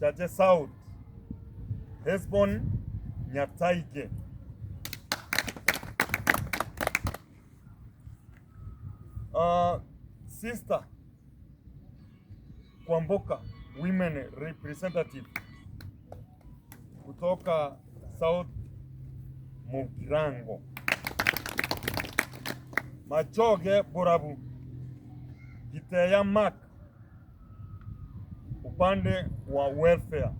Chache South, Hesbon nyataige Uh, Sister Kwamboka women representative kutoka South Mugirango. Machoge Burabu Giteya Mark upande wa welfare.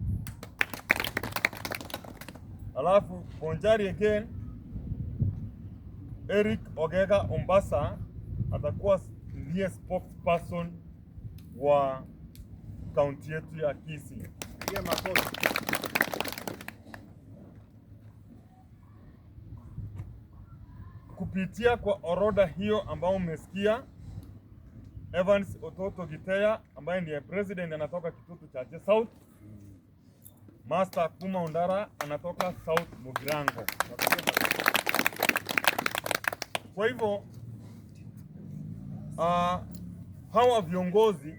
Alafu Bonjari again Eric Ogega Ombasa atakuwa ndiye spokesperson wa kaunti yetu ya Kisii. Kupitia kwa orodha hiyo ambayo umesikia Evans Ototo gitea ambaye ndiye president anatoka Kitutu Chache South. Master Kuma Ondara anatoka South Mugirango. Kwa hivyo uh, hawa viongozi,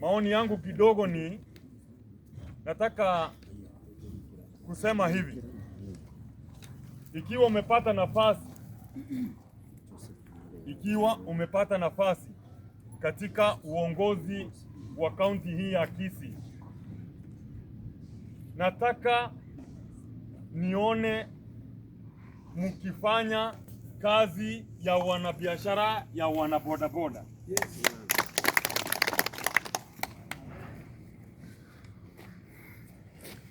maoni yangu kidogo ni nataka kusema hivi, ikiwa umepata nafasi ikiwa umepata nafasi katika uongozi wa kaunti hii ya Kisii, nataka nione mkifanya kazi ya wanabiashara ya wanabodaboda.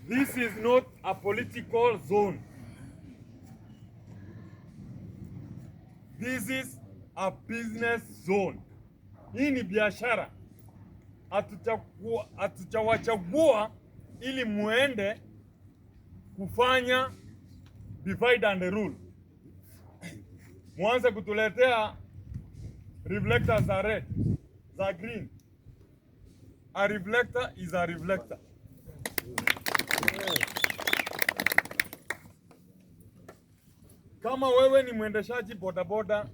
This is not a political zone. This is a business zone. Hii ni biashara, hatujawachagua ili muende kufanya divide and rule, mwanze kutuletea reflector za red za green. A reflector is a reflector. Kama wewe ni mwendeshaji bodaboda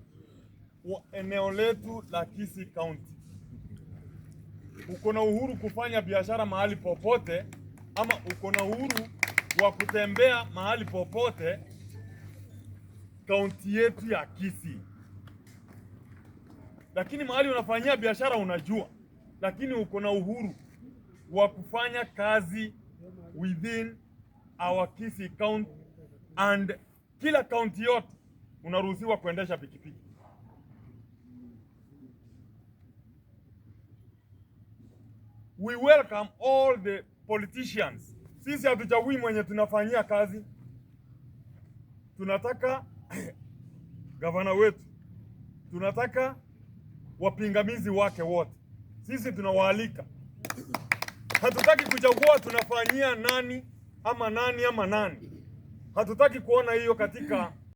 eneo letu la Kisii County. Uko na uhuru kufanya biashara mahali popote, ama uko na uhuru wa kutembea mahali popote kaunti yetu ya Kisii, lakini mahali unafanyia biashara unajua, lakini uko na uhuru wa kufanya kazi within our Kisii county and kila kaunti yote unaruhusiwa kuendesha pikipiki. we welcome all the politicians. Sisi hatuchagui mwenye tunafanyia kazi, tunataka gavana wetu, tunataka wapingamizi wake wote. Sisi tunawaalika, hatutaki kuchagua tunafanyia nani ama nani ama nani. Hatutaki kuona hiyo katika